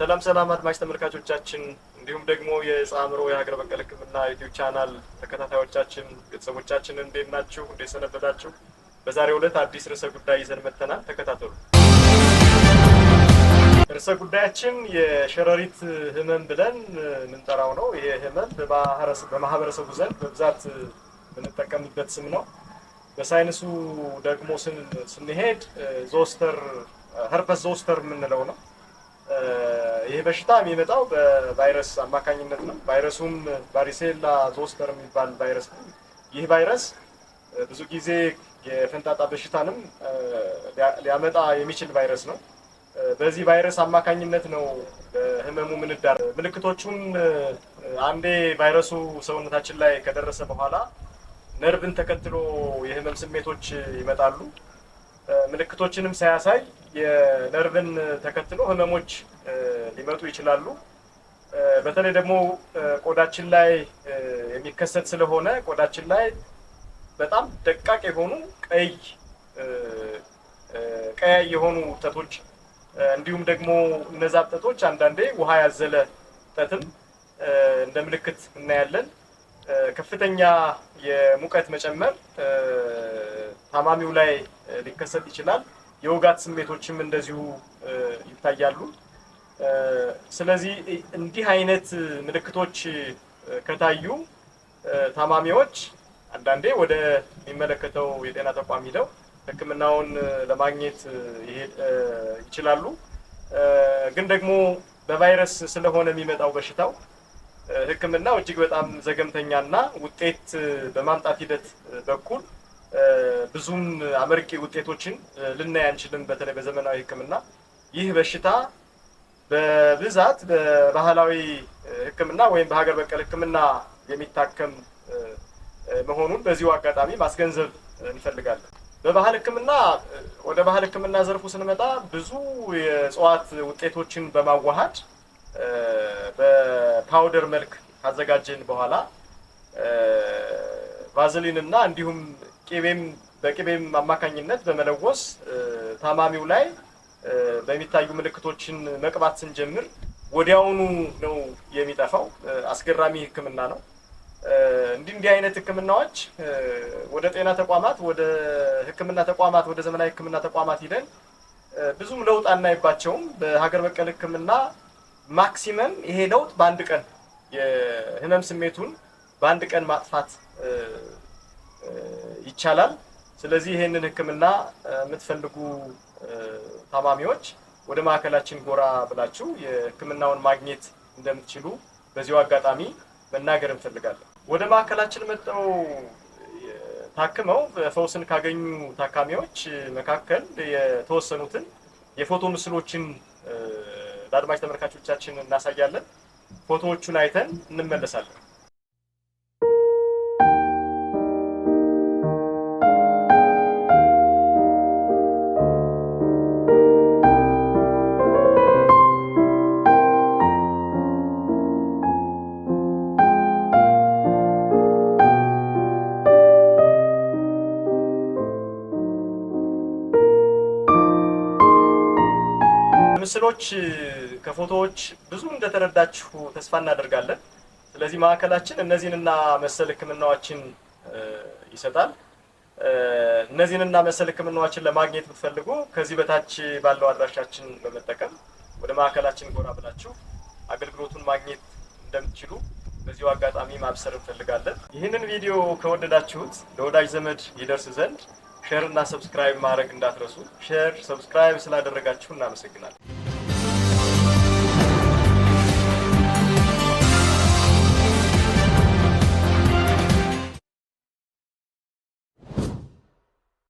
ሰላም ሰላም አድማጭ ተመልካቾቻችን እንዲሁም ደግሞ የጻምሮ የሀገር በቀል ሕክምና ዩቲዩብ ቻናል ተከታታዮቻችን ቤተሰቦቻችን እንዴት ናችሁ? እንዴት ሰነበታችሁ? በዛሬው ዕለት አዲስ ርዕሰ ጉዳይ ይዘን መጥተናል። ተከታተሉ። ርዕሰ ጉዳያችን የሸረሪት ህመም ብለን የምንጠራው ነው። ይሄ ህመም በማህበረሰቡ ዘንድ በብዛት የምንጠቀምበት ስም ነው። በሳይንሱ ደግሞ ስንሄድ ዞስተር ሀርፐስ ዞስተር የምንለው ነው። ይሄ በሽታ የሚመጣው በቫይረስ አማካኝነት ነው። ቫይረሱም ቫሪሴላ ዞስተር የሚባል ቫይረስ ነው። ይህ ቫይረስ ብዙ ጊዜ የፈንጣጣ በሽታንም ሊያመጣ የሚችል ቫይረስ ነው። በዚህ ቫይረስ አማካኝነት ነው ህመሙ ምንዳር። ምልክቶቹም አንዴ ቫይረሱ ሰውነታችን ላይ ከደረሰ በኋላ ነርቭን ተከትሎ የህመም ስሜቶች ይመጣሉ። ምልክቶችንም ሳያሳይ የነርቭን ተከትሎ ህመሞች ሊመጡ ይችላሉ። በተለይ ደግሞ ቆዳችን ላይ የሚከሰት ስለሆነ ቆዳችን ላይ በጣም ደቃቅ የሆኑ ቀይ ቀያይ የሆኑ እብጠቶች እንዲሁም ደግሞ እነዛ ጠቶች አንዳንዴ ውሃ ያዘለ ጠትም እንደ ምልክት እናያለን። ከፍተኛ የሙቀት መጨመር ታማሚው ላይ ሊከሰት ይችላል። የውጋት ስሜቶችም እንደዚሁ ይታያሉ። ስለዚህ እንዲህ አይነት ምልክቶች ከታዩ ታማሚዎች አንዳንዴ ወደ የሚመለከተው የጤና ተቋም ሂደው ሕክምናውን ለማግኘት ይችላሉ። ግን ደግሞ በቫይረስ ስለሆነ የሚመጣው በሽታው ሕክምናው እጅግ በጣም ዘገምተኛና ውጤት በማምጣት ሂደት በኩል ብዙም አመርቂ ውጤቶችን ልናይ አንችልም። በተለይ በዘመናዊ ሕክምና ይህ በሽታ በብዛት በባህላዊ ሕክምና ወይም በሀገር በቀል ሕክምና የሚታከም መሆኑን በዚሁ አጋጣሚ ማስገንዘብ እንፈልጋለን። በባህል ሕክምና ወደ ባህል ሕክምና ዘርፉ ስንመጣ ብዙ የእጽዋት ውጤቶችን በማዋሃድ በፓውደር መልክ ካዘጋጀን በኋላ ቫዝሊን እና እንዲሁም ቅቤም በቅቤም አማካኝነት በመለወስ ታማሚው ላይ በሚታዩ ምልክቶችን መቅባት ስንጀምር ወዲያውኑ ነው የሚጠፋው። አስገራሚ ሕክምና ነው። እንዲህ እንዲህ አይነት ሕክምናዎች ወደ ጤና ተቋማት፣ ወደ ሕክምና ተቋማት፣ ወደ ዘመናዊ ሕክምና ተቋማት ሂደን ብዙም ለውጥ አናይባቸውም። በሀገር በቀል ሕክምና ማክሲመም ይሄ ለውጥ በአንድ ቀን የህመም ስሜቱን በአንድ ቀን ማጥፋት ይቻላል። ስለዚህ ይሄንን ህክምና የምትፈልጉ ታማሚዎች ወደ ማዕከላችን ጎራ ብላችሁ የሕክምናውን ማግኘት እንደምትችሉ በዚሁ አጋጣሚ መናገር እንፈልጋለን። ወደ ማዕከላችን መጥተው ታክመው ፈውስን ካገኙ ታካሚዎች መካከል የተወሰኑትን የፎቶ ምስሎችን ለአድማጭ ተመልካቾቻችን እናሳያለን። ፎቶዎቹን አይተን እንመለሳለን። ከምስሎች ከፎቶዎች ብዙ እንደተረዳችሁ ተስፋ እናደርጋለን። ስለዚህ ማዕከላችን እነዚህንና መሰል ህክምናዎችን ይሰጣል። እነዚህንና መሰል ህክምናዎችን ለማግኘት ብትፈልጉ ከዚህ በታች ባለው አድራሻችን በመጠቀም ወደ ማዕከላችን ጎራ ብላችሁ አገልግሎቱን ማግኘት እንደምትችሉ በዚሁ አጋጣሚ ማብሰር እንፈልጋለን። ይህንን ቪዲዮ ከወደዳችሁት ለወዳጅ ዘመድ ይደርስ ዘንድ ሼር እና ሰብስክራይብ ማድረግ እንዳትረሱ። ሼር፣ ሰብስክራይብ ስላደረጋችሁ እናመሰግናለን።